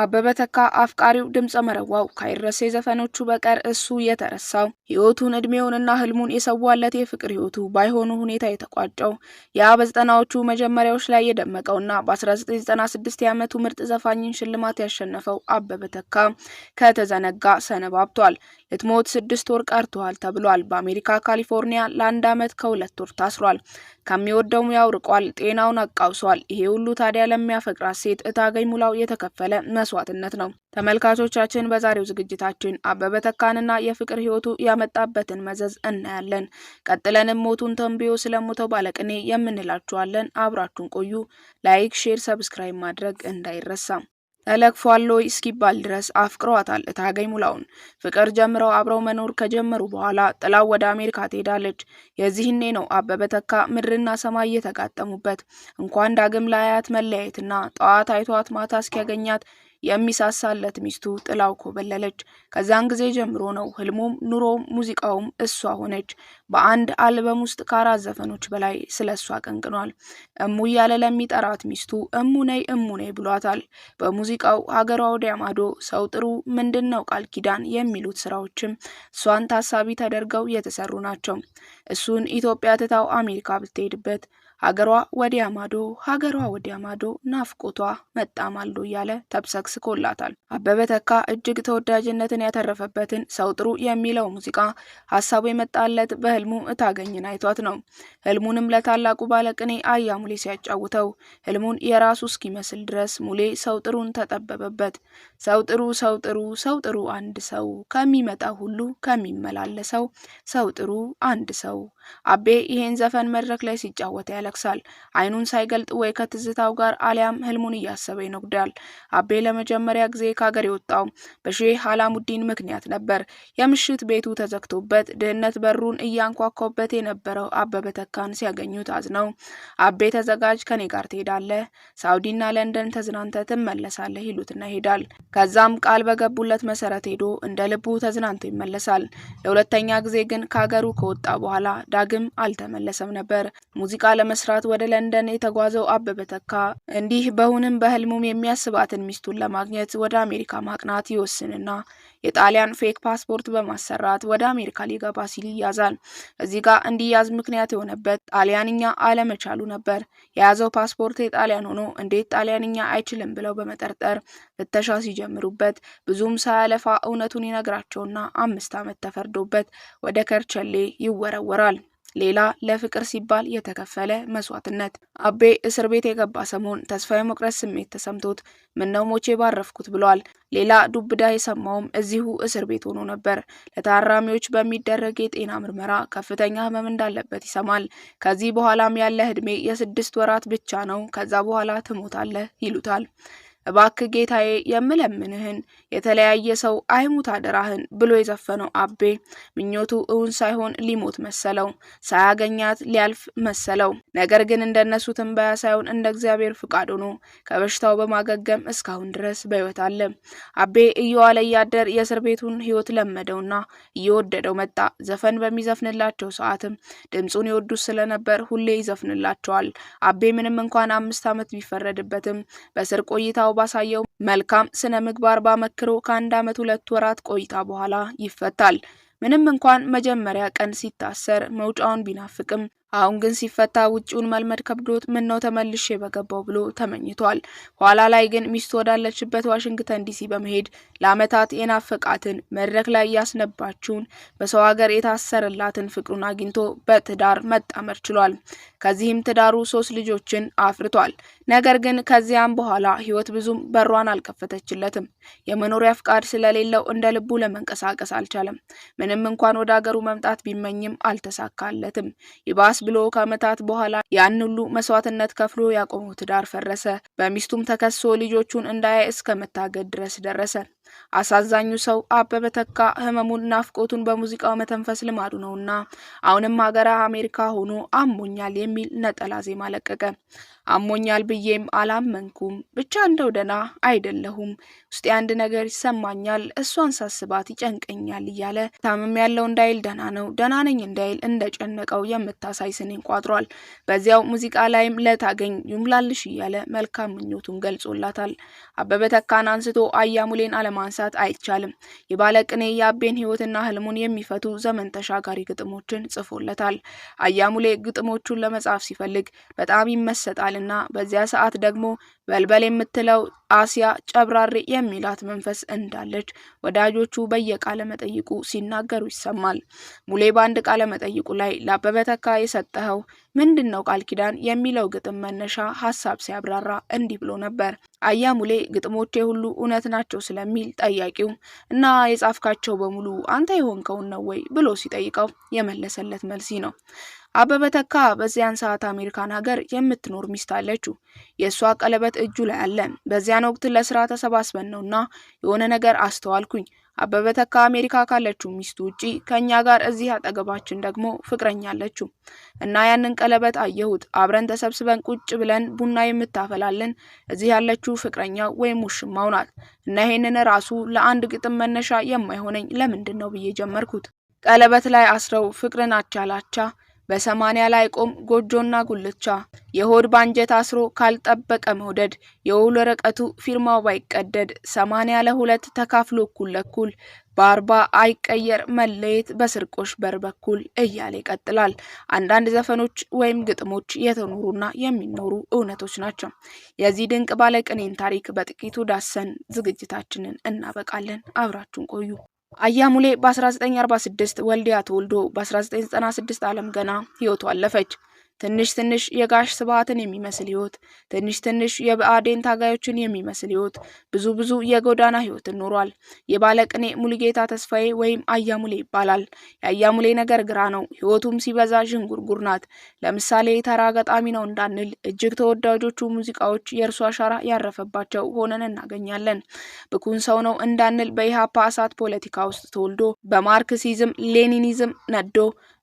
አበበ ተካ አፍቃሪው ድምፀ መረዋው ካይረሴ ዘፈኖቹ በቀር እሱ የተረሳው ሕይወቱን እድሜውንና ህልሙን የሰዋለት የፍቅር ሕይወቱ ባይሆኑ ሁኔታ የተቋጨው ያ በዘጠናዎቹ መጀመሪያዎች ላይ የደመቀውና በ1996 የዓመቱ ምርጥ ዘፋኝን ሽልማት ያሸነፈው አበበ ተካ ከተዘነጋ ሰነባብቷል። ልትሞት ስድስት ወር ቀርቷል ተብሏል። በአሜሪካ ካሊፎርኒያ ለአንድ ዓመት ከሁለት ወር ታስሯል። ከሚወደው ሙያው ርቋል። ጤናውን አቃውሷል። ይሄ ሁሉ ታዲያ ለሚያፈቅራት ሴት እታገኝ ሙላው የተከፈለ መስዋዕትነት ነው። ተመልካቾቻችን በዛሬው ዝግጅታችን አበበ ተካንና የፍቅር ህይወቱ ያመጣበትን መዘዝ እናያለን። ቀጥለንም ሞቱን ተንብዮ ስለሞተው ባለቅኔ የምንላችኋለን። አብራችሁን ቆዩ። ላይክ፣ ሼር፣ ሰብስክራይብ ማድረግ እንዳይረሳም ተለክፏል እስኪባል ድረስ አፍቅሯታል እታገኝ ሙላውን። ፍቅር ጀምረው አብረው መኖር ከጀመሩ በኋላ ጥላው ወደ አሜሪካ ትሄዳለች። የዚህኔ ነው አበበ ተካ ምድርና ሰማይ የተጋጠሙበት። እንኳን ዳግም ላያት መለያየትና ጠዋት አይቷት ማታ እስኪያገኛት የሚሳሳለት ሚስቱ ጥላው ኮበለለች። ከዛን ጊዜ ጀምሮ ነው ህልሙም ኑሮም ሙዚቃውም እሷ ሆነች። በአንድ አልበም ውስጥ ከአራት ዘፈኖች በላይ ስለ እሷ ቀንቅኗል። እሙ እያለ ለሚጠራት ሚስቱ እሙ ነይ እሙ ነይ ብሏታል። በሙዚቃው ሀገሯ ወዲያ ማዶ፣ ሰው ጥሩ፣ ምንድን ነው ቃል ኪዳን የሚሉት ስራዎችም እሷን ታሳቢ ተደርገው የተሰሩ ናቸው። እሱን ኢትዮጵያ ትታው አሜሪካ ብትሄድበት ሀገሯ ወዲያ ማዶ ሀገሯ ወዲያ ማዶ ናፍቆቷ መጣ ማልዶ እያለ ተብሰክስኮላታል። አበበ ተካ እጅግ ተወዳጅነትን ያተረፈበትን ሰው ጥሩ የሚለው ሙዚቃ ሀሳቡ የመጣለት በህልሙ እታገኝን አይቷት ነው። ህልሙንም ለታላቁ ባለቅኔ አያ ሙሌ ሲያጫውተው ህልሙን የራሱ እስኪመስል ድረስ ሙሌ ሰው ጥሩን ተጠበበበት። ሰው ጥሩ ሰው ጥሩ ሰው ጥሩ አንድ ሰው ከሚመጣ ሁሉ ከሚመላለሰው ሰው ጥሩ አንድ ሰው አቤ ይሄን ዘፈን መድረክ ላይ ሲጫወት ያለቅሳል። አይኑን ሳይገልጥ ወይ ከትዝታው ጋር አሊያም ህልሙን እያሰበ ይኖግዳል። አቤ ለመጀመሪያ ጊዜ ከሀገር የወጣው በሼህ አላሙዲን ምክንያት ነበር። የምሽት ቤቱ ተዘግቶበት ድህነት በሩን እያንኳኳበት የነበረው አበበ ተካን ሲያገኙት አዝነው አቤ ተዘጋጅ፣ ከኔ ጋር ትሄዳለህ፣ ሳውዲና ለንደን ተዝናንተ ትመለሳለህ ይሉትና ይሄዳል። ከዛም ቃል በገቡለት መሰረት ሄዶ እንደ ልቡ ተዝናንቶ ይመለሳል። ለሁለተኛ ጊዜ ግን ከሀገሩ ከወጣ በኋላ ዳግም አልተመለሰም ነበር። ሙዚቃ ለመስራት ወደ ለንደን የተጓዘው አበበ ተካ እንዲህ በሁንም በህልሙም የሚያስባትን ሚስቱን ለማግኘት ወደ አሜሪካ ማቅናት ይወስንና የጣሊያን ፌክ ፓስፖርት በማሰራት ወደ አሜሪካ ሊገባ ሲል ይያዛል። እዚህ ጋር እንዲያዝ ምክንያት የሆነበት ጣሊያንኛ አለመቻሉ ነበር። የያዘው ፓስፖርት የጣሊያን ሆኖ እንዴት ጣሊያንኛ አይችልም ብለው በመጠርጠር ፍተሻ ሲጀምሩበት ብዙም ሳያለፋ እውነቱን ይነግራቸውና አምስት ዓመት ተፈርዶበት ወደ ከርቸሌ ይወረወራል። ሌላ ለፍቅር ሲባል የተከፈለ መስዋዕትነት። አቤ እስር ቤት የገባ ሰሞን ተስፋ የመቁረጥ ስሜት ተሰምቶት ምነው ሞቼ ባረፍኩት ብሏል። ሌላ ዱብዳ የሰማውም እዚሁ እስር ቤት ሆኖ ነበር። ለታራሚዎች በሚደረግ የጤና ምርመራ ከፍተኛ ህመም እንዳለበት ይሰማል። ከዚህ በኋላም ያለህ ዕድሜ የስድስት ወራት ብቻ ነው፣ ከዛ በኋላ ትሞታለህ ይሉታል። እባክ ጌታዬ የምለምንህን የተለያየ ሰው አይሙት አደራህን ብሎ የዘፈነው አቤ ምኞቱ እውን ሳይሆን ሊሞት መሰለው። ሳያገኛት ሊያልፍ መሰለው። ነገር ግን እንደነሱ ትንበያ ሳይሆን እንደ እግዚአብሔር ፍቃድ ሆኖ ከበሽታው በማገገም እስካሁን ድረስ በሕይወት አለ። አቤ እየዋለ እያደር የእስር ቤቱን ሕይወት ለመደውና እየወደደው መጣ። ዘፈን በሚዘፍንላቸው ሰዓትም ድምፁን ይወዱት ስለነበር ሁሌ ይዘፍንላቸዋል። አቤ ምንም እንኳን አምስት ዓመት ቢፈረድበትም በእስር ቆይታው ሁኔታው ባሳየው መልካም ስነ ምግባር ባመክሮ ከአንድ ዓመት ሁለት ወራት ቆይታ በኋላ ይፈታል። ምንም እንኳን መጀመሪያ ቀን ሲታሰር መውጫውን ቢናፍቅም አሁን ግን ሲፈታ ውጭውን መልመድ ከብዶት ምን ነው ተመልሼ በገባው ብሎ ተመኝቷል። ኋላ ላይ ግን ሚስቱ ወዳለችበት ዋሽንግተን ዲሲ በመሄድ ለአመታት የናፈቃትን መድረክ ላይ ያስነባችውን በሰው ሀገር የታሰረላትን ፍቅሩን አግኝቶ በትዳር መጣመር ችሏል። ከዚህም ትዳሩ ሶስት ልጆችን አፍርቷል። ነገር ግን ከዚያም በኋላ ህይወት ብዙም በሯን አልከፈተችለትም። የመኖሪያ ፍቃድ ስለሌለው እንደ ልቡ ለመንቀሳቀስ አልቻለም። ምንም እንኳን ወደ አገሩ መምጣት ቢመኝም አልተሳካለትም። ይባስ ብሎ ከዓመታት በኋላ ያን ሁሉ መስዋዕትነት ከፍሎ ያቆመው ትዳር ፈረሰ። በሚስቱም ተከሶ ልጆቹን እንዳያይ እስከ መታገድ ድረስ ደረሰ። አሳዛኙ ሰው አበበ ተካ ህመሙን፣ ናፍቆቱን በሙዚቃው መተንፈስ ልማዱ ነውና አሁንም ሀገረ አሜሪካ ሆኖ አሞኛል የሚል ነጠላ ዜማ ለቀቀ። አሞኛል ብዬም አላመንኩም። ብቻ እንደው ደና አይደለሁም፣ ውስጤ አንድ ነገር ይሰማኛል፣ እሷን ሳስባት ይጨንቀኛል እያለ ታምም ያለው እንዳይል ደና ነው፣ ደና ነኝ እንዳይል እንደጨነቀው የምታሳይ ስኔን ቋጥሯል። በዚያው ሙዚቃ ላይም ለታገኝ ይምላልሽ እያለ መልካም ምኞቱን ገልጾላታል። አበበ ተካን አንስቶ አያሙሌን አለማንሳት አይቻልም። የባለቅኔ የአቤን ህይወትና ህልሙን የሚፈቱ ዘመን ተሻጋሪ ግጥሞችን ጽፎለታል። አያሙሌ ግጥሞቹን ለመጻፍ ሲፈልግ በጣም ይመሰጣል። ይላልና በዚያ ሰዓት ደግሞ በልበል የምትለው አሲያ ጨብራሪ የሚላት መንፈስ እንዳለች ወዳጆቹ በየቃለ መጠይቁ ሲናገሩ ይሰማል። ሙሌ በአንድ ቃለ መጠይቁ ላይ ለአበበ ተካ የሰጠኸው ምንድን ነው ቃል ኪዳን የሚለው ግጥም መነሻ ሀሳብ ሲያብራራ እንዲህ ብሎ ነበር። አያ ሙሌ ግጥሞቼ ሁሉ እውነት ናቸው ስለሚል ጠያቂው እና የጻፍካቸው በሙሉ አንተ የሆንከውን ነው ወይ ብሎ ሲጠይቀው የመለሰለት መልሲ ነው። አበበ ተካ በዚያን ሰዓት አሜሪካን ሀገር የምትኖር ሚስት አለችው። የእሷ ቀለበት እጁ ላይ አለ። በዚያን ወቅት ለስራ ተሰባስበን ነውና የሆነ ነገር አስተዋልኩኝ። አበበ ተካ አሜሪካ ካለችው ሚስቱ ውጪ ከእኛ ጋር እዚህ አጠገባችን ደግሞ ፍቅረኛ አለችው እና ያንን ቀለበት አየሁት። አብረን ተሰብስበን ቁጭ ብለን ቡና የምታፈላልን እዚህ ያለችው ፍቅረኛ ወይም ውሽማው ናት እና ይሄንን ራሱ ለአንድ ግጥም መነሻ የማይሆነኝ ለምንድን ነው ብዬ ጀመርኩት። ቀለበት ላይ አስረው ፍቅርን አቻላቻ በሰማንያ ላይ ቆም ጎጆና ጉልቻ የሆድ ባንጀት አስሮ ካልጠበቀ መውደድ የውል ወረቀቱ ፊርማው ባይቀደድ ሰማንያ ለሁለት ተካፍሎ እኩል ለኩል በአርባ አይቀየር መለየት በስርቆሽ በር በኩል እያለ ይቀጥላል። አንዳንድ ዘፈኖች ወይም ግጥሞች የተኖሩና የሚኖሩ እውነቶች ናቸው። የዚህ ድንቅ ባለቅኔን ታሪክ በጥቂቱ ዳሰን ዝግጅታችንን እናበቃለን። አብራችሁን ቆዩ። አያሙሌ በ1946 ወልዲያ ተወልዶ በ1996 ዓለም ገና ህይወቱ አለፈች። ትንሽ ትንሽ የጋሽ ስብሐትን የሚመስል ህይወት፣ ትንሽ ትንሽ የብአዴን ታጋዮችን የሚመስል ህይወት፣ ብዙ ብዙ የጎዳና ህይወትን ኖሯል። የባለቅኔ ሙሉጌታ ተስፋዬ ወይም አያሙሌ ይባላል። የአያሙሌ ነገር ግራ ነው። ህይወቱም ሲበዛ ዥንጉርጉር ናት። ለምሳሌ የተራ ገጣሚ ነው እንዳንል እጅግ ተወዳጆቹ ሙዚቃዎች የእርሱ አሻራ ያረፈባቸው ሆነን እናገኛለን። ብኩን ሰው ነው እንዳንል በኢህአፓ እሳት ፖለቲካ ውስጥ ተወልዶ በማርክሲዝም ሌኒኒዝም ነዶ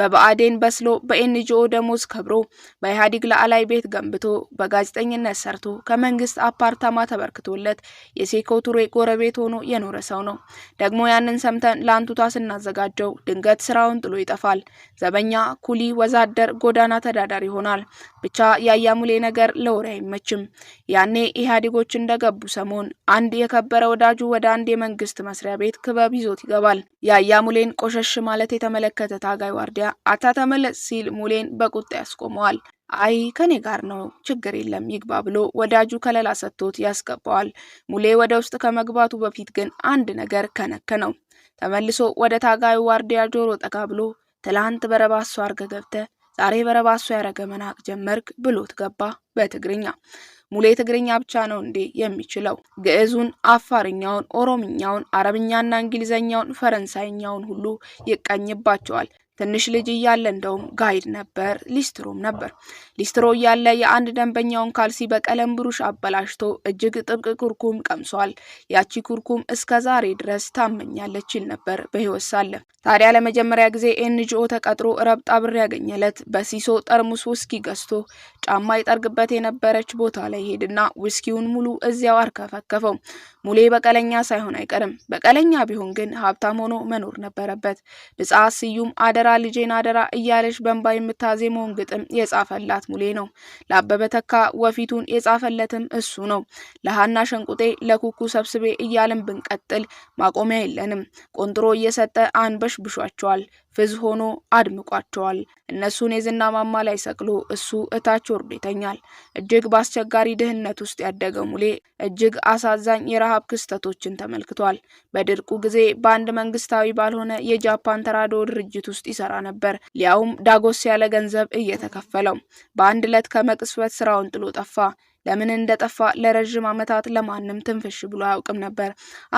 በብአዴን በስሎ በኤንጂኦ ደሞዝ ከብሮ በኢህአዴግ ላዕላይ ቤት ገንብቶ በጋዜጠኝነት ሰርቶ ከመንግስት አፓርታማ ተበርክቶለት የሴኮ ቱሬ ጎረቤት ሆኖ የኖረ ሰው ነው። ደግሞ ያንን ሰምተን ለአንቱታ ስናዘጋጀው ድንገት ስራውን ጥሎ ይጠፋል። ዘበኛ፣ ኩሊ፣ ወዛደር፣ ጎዳና ተዳዳሪ ይሆናል። ብቻ የአያሙሌ ነገር ለወሬ አይመችም። ያኔ ኢህአዴጎች እንደገቡ ሰሞን አንድ የከበረ ወዳጁ ወደ አንድ የመንግስት መስሪያ ቤት ክበብ ይዞት ይገባል። የአያሙሌን ቆሸሽ ማለት የተመለከተ ታጋይ ዋርዲያ አታተመለ ሲል ሙሌን በቁጣ ያስቆመዋል። አይ ከኔ ጋር ነው ችግር የለም ይግባ ብሎ ወዳጁ ከለላ ሰጥቶት ያስገባዋል። ሙሌ ወደ ውስጥ ከመግባቱ በፊት ግን አንድ ነገር ነው። ተመልሶ ወደ ታጋዩ ዋርዲያ ጆሮ ጠጋ ብሎ ትላንት በረባሶ አርገ ገብተ ዛሬ በረባሶ ያረገ መናቅ ጀመርክ ብሎት ገባ በትግርኛ ሙሌ ትግርኛ ብቻ ነው እንዴ የሚችለው? ግዕዙን፣ አፋርኛውን፣ ኦሮምኛውን፣ አረብኛና እንግሊዘኛውን፣ ፈረንሳይኛውን ሁሉ ይቀኝባቸዋል። ትንሽ ልጅ እያለ እንደውም ጋይድ ነበር፣ ሊስትሮም ነበር። ሊስትሮ እያለ የአንድ ደንበኛውን ካልሲ በቀለም ብሩሽ አበላሽቶ እጅግ ጥብቅ ኩርኩም ቀምሷል። ያቺ ኩርኩም እስከ ዛሬ ድረስ ታመኛለች ይል ነበር በህይወት ሳለ። ታዲያ ለመጀመሪያ ጊዜ ኤንጂኦ ተቀጥሮ ረብጣ ብር ያገኘለት በሲሶ ጠርሙስ ውስኪ ገዝቶ ጫማ ይጠርግበት የነበረች ቦታ ላይ ሄድና ውስኪውን ሙሉ እዚያው አርከፈከፈው። ሙሌ በቀለኛ ሳይሆን አይቀርም። በቀለኛ ቢሆን ግን ሀብታም ሆኖ መኖር ነበረበት። ብጻ ስዩም አደራ ልጄን አደራ እያለች በንባ የምታዜመውን ግጥም የጻፈላት ሙሌ ነው። ለአበበ ተካ ወፊቱን የጻፈለትም እሱ ነው። ለሀና ሸንቁጤ፣ ለኩኩ ሰብስቤ እያልን ብንቀጥል ማቆሚያ የለንም። ቆንጥሮ እየሰጠ አንበሽ ብሿቸዋል። ፍዝ ሆኖ አድምቋቸዋል። እነሱን የዝና ማማ ላይ ሰቅሎ እሱ እታች ወርዶ ይተኛል። እጅግ በአስቸጋሪ ድህነት ውስጥ ያደገ ሙሌ እጅግ አሳዛኝ የረሃብ ክስተቶችን ተመልክቷል። በድርቁ ጊዜ በአንድ መንግስታዊ ባልሆነ የጃፓን ተራድኦ ድርጅት ውስጥ ይሰራ ነበር፣ ሊያውም ዳጎስ ያለ ገንዘብ እየተከፈለው። በአንድ ዕለት ከመቅስፈት ስራውን ጥሎ ጠፋ። ለምን እንደጠፋ ለረዥም ዓመታት ለማንም ትንፍሽ ብሎ አያውቅም ነበር።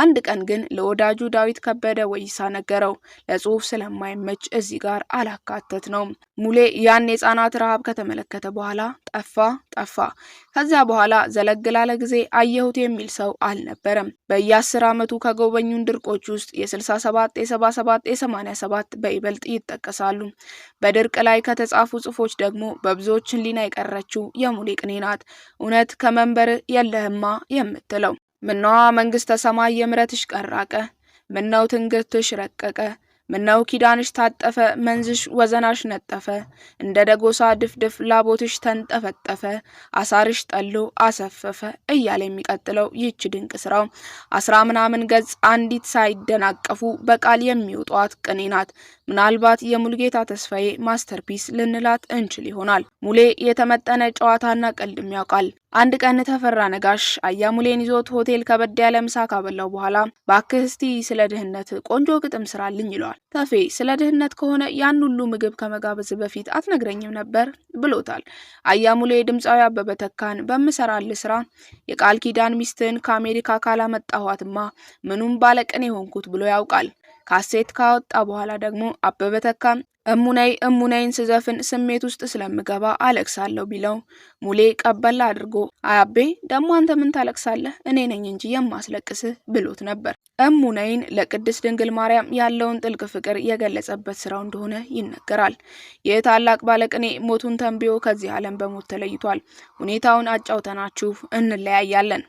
አንድ ቀን ግን ለወዳጁ ዳዊት ከበደ ወይሳ ነገረው። ለጽሁፍ ስለማይመች እዚህ ጋር አላካተት ነው። ሙሌ ያን የህፃናት ረሃብ ከተመለከተ በኋላ ጠፋ ጠፋ። ከዚያ በኋላ ዘለግ ላለ ጊዜ አየሁት የሚል ሰው አልነበረም። በየአስር ዓመቱ ከጎበኙን ድርቆች ውስጥ የ67፣ የ77፣ የ87 በይበልጥ ይጠቀሳሉ። በድርቅ ላይ ከተጻፉ ጽሁፎች ደግሞ በብዙዎች ሕሊና የቀረችው የሙሌ ቅኔ ናት። እውነት ከመንበር የለህማ የምትለው ምነዋ መንግሥተ ሰማይ የምረትሽ ቀራቀ ምነው ትንግርትሽ ረቀቀ ምነው ኪዳንሽ ታጠፈ መንዝሽ ወዘናሽ ነጠፈ እንደ ደጎሳ ድፍድፍ ላቦትሽ ተንጠፈጠፈ አሳርሽ ጠሎ አሰፈፈ እያለ የሚቀጥለው ይህች ድንቅ ስራው አስራ ምናምን ገጽ አንዲት ሳይደናቀፉ በቃል የሚውጧት ቅኔ ናት። ምናልባት የሙልጌታ ተስፋዬ ማስተርፒስ ልንላት እንችል ይሆናል። ሙሌ የተመጠነ ጨዋታና ቀልድም ያውቃል። አንድ ቀን ተፈራ ነጋሽ አያሙሌን ይዞት ሆቴል ከበድ ያለ ምሳ ካበላው በኋላ ባክህ እስቲ ስለ ድህነት ቆንጆ ግጥም ስራልኝ ይለዋል። ተፌ ስለ ድህነት ከሆነ ያን ሁሉ ምግብ ከመጋበዝ በፊት አትነግረኝም ነበር ብሎታል። አያሙሌ ድምፃዊ አበበ ተካን በምሰራል ስራ የቃል ኪዳን ሚስትን ከአሜሪካ ካላመጣኋትማ ምኑም ባለቅን የሆንኩት ብሎ ያውቃል። ካሴት ካወጣ በኋላ ደግሞ አበበ ተካ እሙናይ እሙናይን ስዘፍን ስሜት ውስጥ ስለምገባ አለቅሳለሁ ቢለው ሙሌ ቀበላ አድርጎ አያቤ ደግሞ አንተ ምን ታለቅሳለህ እኔ ነኝ እንጂ የማስለቅስህ ብሎት ነበር። እሙናይን ለቅድስት ድንግል ማርያም ያለውን ጥልቅ ፍቅር የገለጸበት ስራው እንደሆነ ይነገራል። ይህ ታላቅ ባለቅኔ ሞቱን ተንብዮ ከዚህ ዓለም በሞት ተለይቷል። ሁኔታውን አጫውተናችሁ እንለያያለን።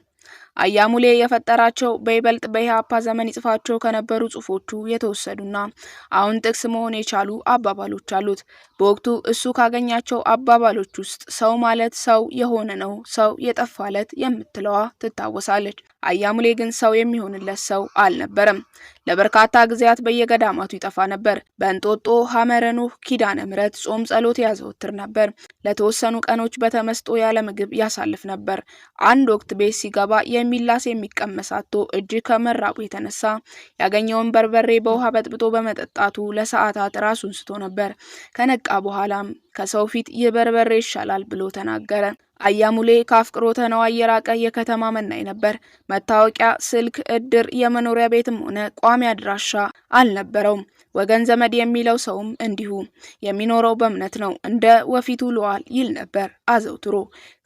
አያሙሌ የፈጠራቸው በይበልጥ በኢህአፓ ዘመን ይጽፋቸው ከነበሩ ጽሁፎቹ የተወሰዱና አሁን ጥቅስ መሆን የቻሉ አባባሎች አሉት። በወቅቱ እሱ ካገኛቸው አባባሎች ውስጥ ሰው ማለት ሰው የሆነ ነው፣ ሰው የጠፋለት የምትለዋ ትታወሳለች። አያሙሌ ግን ሰው የሚሆንለት ሰው አልነበረም። ለበርካታ ጊዜያት በየገዳማቱ ይጠፋ ነበር። በእንጦጦ ሐመረኖ ኪዳነ ምረት ጾም ጸሎት ያዘወትር ነበር። ለተወሰኑ ቀኖች በተመስጦ ያለ ምግብ ያሳልፍ ነበር። አንድ ወቅት ቤት ሲገባ የሚላስ የሚቀመሳቶ እጅ ከመራቡ ከመራቁ የተነሳ ያገኘውን በርበሬ በውሃ በጥብጦ በመጠጣቱ ለሰዓታት ራሱን ስቶ ነበር። ከነቃ በኋላም ከሰው ፊት የበርበሬ ይሻላል ብሎ ተናገረ። አያሙሌ ከአፍቅሮተ ነዋይ የራቀ የከተማ መናኝ ነበር። መታወቂያ፣ ስልክ፣ እድር፣ የመኖሪያ ቤትም ሆነ ቋሚ አድራሻ አልነበረውም። ወገን ዘመድ የሚለው ሰውም እንዲሁ የሚኖረው በእምነት ነው። እንደ ወፊቱ ለዋል ይል ነበር አዘውትሮ።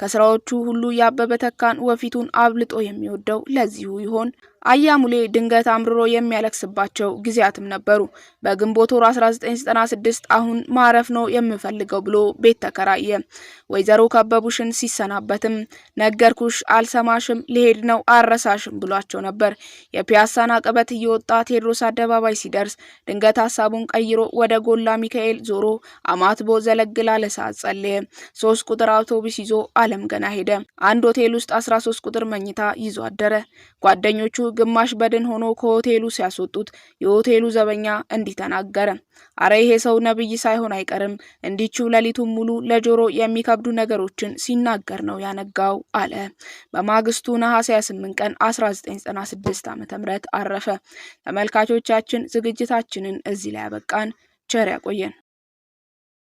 ከስራዎቹ ሁሉ ያበበ ተካን ወፊቱን አብልጦ የሚወደው ለዚሁ ይሆን? አያሙሌ ድንገት አምርሮ የሚያለቅስባቸው ጊዜያትም ነበሩ። በግንቦት ወር 1996 አሁን ማረፍ ነው የምፈልገው ብሎ ቤት ተከራየ። ወይዘሮ ከበቡሽን ሲሰናበትም ነገርኩሽ፣ አልሰማሽም፣ ሊሄድ ነው፣ አረሳሽም ብሏቸው ነበር። የፒያሳን አቀበት እየወጣ ቴዎድሮስ አደባባይ ሲደርስ ድንገት ሀሳቡን ቀይሮ ወደ ጎላ ሚካኤል ዞሮ አማትቦ ዘለግላ ለሰዓት ጸለየ። ሶስት ቁጥር አውቶቡስ ይዞ አለም ገና ሄደ። አንድ ሆቴል ውስጥ 13 ቁጥር መኝታ ይዞ አደረ። ጓደኞቹ ግማሽ በድን ሆኖ ከሆቴሉ ሲያስወጡት የሆቴሉ ዘበኛ እንዲህ ተናገረ። አረ ይሄ ሰው ነብይ ሳይሆን አይቀርም፣ እንዲችው ሌሊቱን ሙሉ ለጆሮ የሚከብዱ ነገሮችን ሲናገር ነው ያነጋው አለ። በማግስቱ ነሐሴ 28 ቀን 1996 ዓ.ም አረፈ። ተመልካቾቻችን ዝግጅታችንን እዚህ ላይ ያበቃን። ቸር ያቆየን።